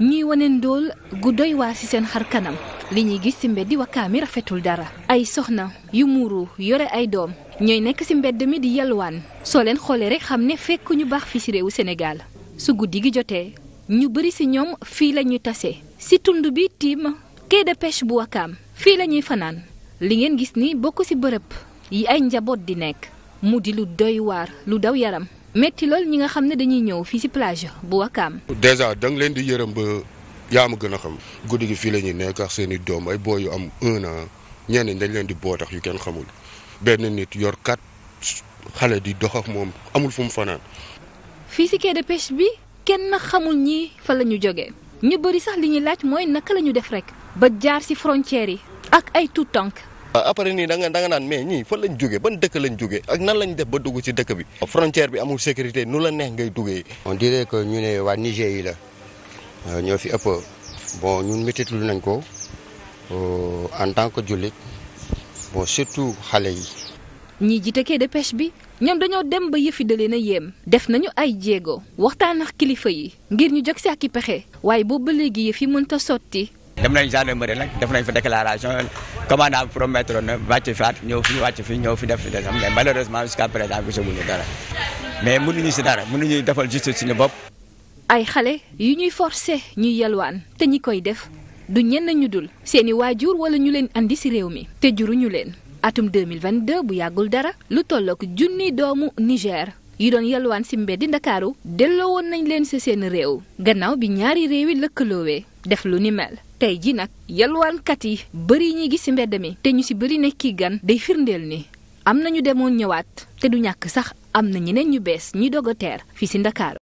ñiy wane ndóol gu doy waa ci seen xar kanam li ñuy gis ci wakkaam Wakaam rafetul dara ay soxna yu muuru yore ay doom ñooy nekk ci mbedd mi di yalwaan soo leen xoolee rek xam ne fekk ñu baax fi ci réewu Sénégal su guddi gi jotee ñu bëri ci ñoom fii la ñuy tase ci tund bi tiim quai de bu Wakaam fii la ñuy fanaan li ngeen gis ni bokk ci bërëb yi ay njaboot di nekk mu di lu doy waar lu daw yaram métti lool ñi nga xam ne dañuy ñëw fii ci plage bu Wakaam. déjà da nga leen di yërëm ba yaa ma gën a xam guddi gi fii la ñuy nekk ak seen i doom ay booy yu am un an ñenn dañ leen di bootax yu kenn xamul benn nit yor kat xale di dox ak moom amul fu mu fanaan. fii ci quai de bi kenn xamul ñi fa la ñu jógee ñu bëri sax li ñuy laaj mooy naka la ñu def rek ba jaar ci frontière yi ak ay tout tànk Ah, après nii da nga da nga naan mais ñii fan lañ jógee ban dëkk lañ jóge ak nan lañ def ba dugg ci dëkk bi. frontière bi amul sécurité nu la neex ngay duggee. on dirait que ñu ne waa Niger yi la ah, ñoo fi ëpp bon ñun métitlu nañ ko euh, en tant que jullit bon surtout xale yi. ñi jiite quai de pêche bi ñoom dañoo dem ba yëfi da leen a yéem def nañu ay jéego waxtaan ak kilifa yi ngir ñu jóg si ak i pexe waaye boobu ba léegi yëf yi mënut a sotti. dem nañ gendarmerie nag def nañ fa déclaration commandant bi promettre na wàcc fi at ñëw fi ñu wàcc fi ñëw fi def fi des am mais malheureusement jusqu'à présent gisaguñu dara mais mënuñu si dara mënuñu defal justice suñu bopp. ay xale yu ñuy forcé ñuy yalwaan te ñi koy def du ñenn ñu dul seeni waajur wala ñu leen indi si réew mi te juruñu leen atum 2022 bu yàggul dara lu tollook junni doomu Niger. yi doon yalwaan si mbeddi ndakaaru delloo woon nañ leen si seen réew gannaaw bi ñaari réew yi lëkkaloowee def lu ni mel tey ji nag yalwaankat yi bëri ñuy gis si mbedd mi te ñu si bëri ne kii gan day firndeel ni am na ñu demoon ñëwaat te du ñàkk sax am na ñeneen ñu bees ñi dog a teer fii si ndakaaru